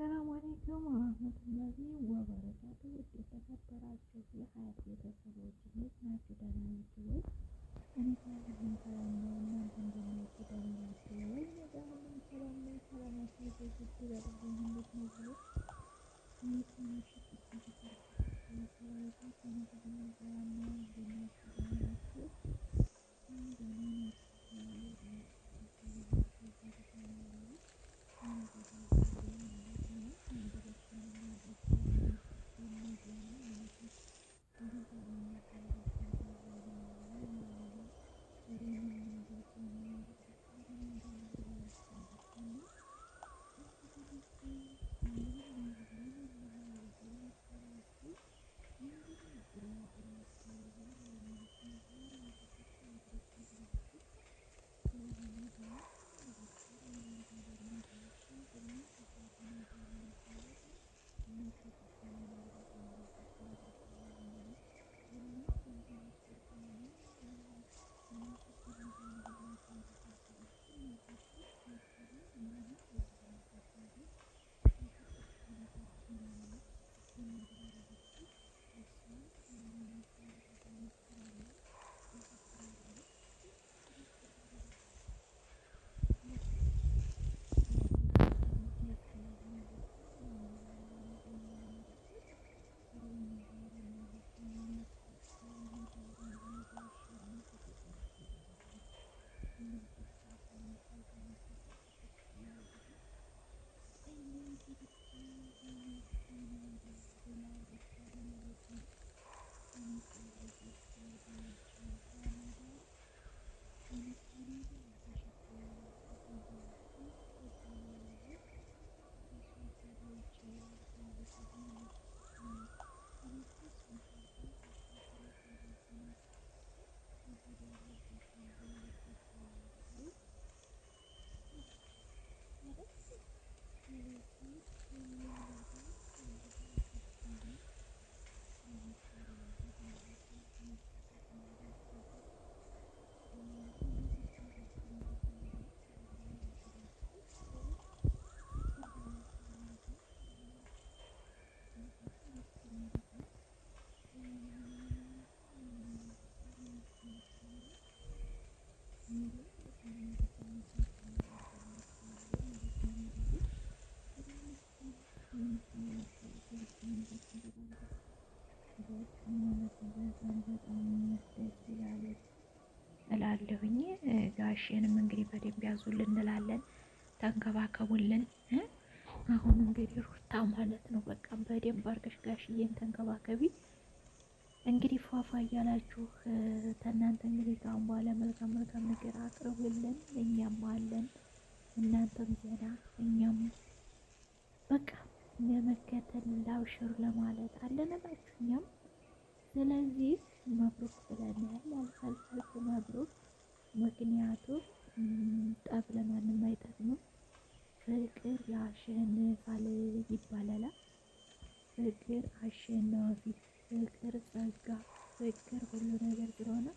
ሰላም አለይኩም ወራህመቱላሂ ወበረካቱ። ውድ የተከበራችሁ የሀያት ቤተሰቦች እንዴት ናችሁ? ደህና ናችሁ ወይ? እኔ ሰላም ነው። እናንተ እንደምናችሁ ደህና ናችሁ ወይ? ነገ ሰላም ነው። ሰላማችሁ ይብዛ ይበልልኝ። እንዴት ነው እንዴት ናችሁ? ሰላም ነው። Mm-hmm. እላለሁኝ። ጋሼንም እንግዲህ በደንብ ያዙልን እንላለን፣ ተንከባከቡልን። አሁን እንግዲህ ሩታ ማለት ነው በቃ በደንብ አድርገሽ ጋሽዬን ተንከባከቢ። እንግዲህ ፏፏ እያላችሁ ከእናንተ እንግዲህ ካሁን በኋላ መልካም መልካም ነገር አቅርቡልን። እኛም አለን እናንተም ዜና እኛም ለመከተል ላብሽር ለማለት አለንላችሁ እኛም። ስለዚህ መብሩክ ብለናል። ያልፈልፈልፍ መብሩክ። ምክንያቱ ጠብ ለማንም አይጠቅምም። ፍቅር ያሸንፋል ይባላላል። ፍቅር አሸናፊ፣ ፍቅር ጸጋ፣ ፍቅር ሁሉ ነገር ስለሆነ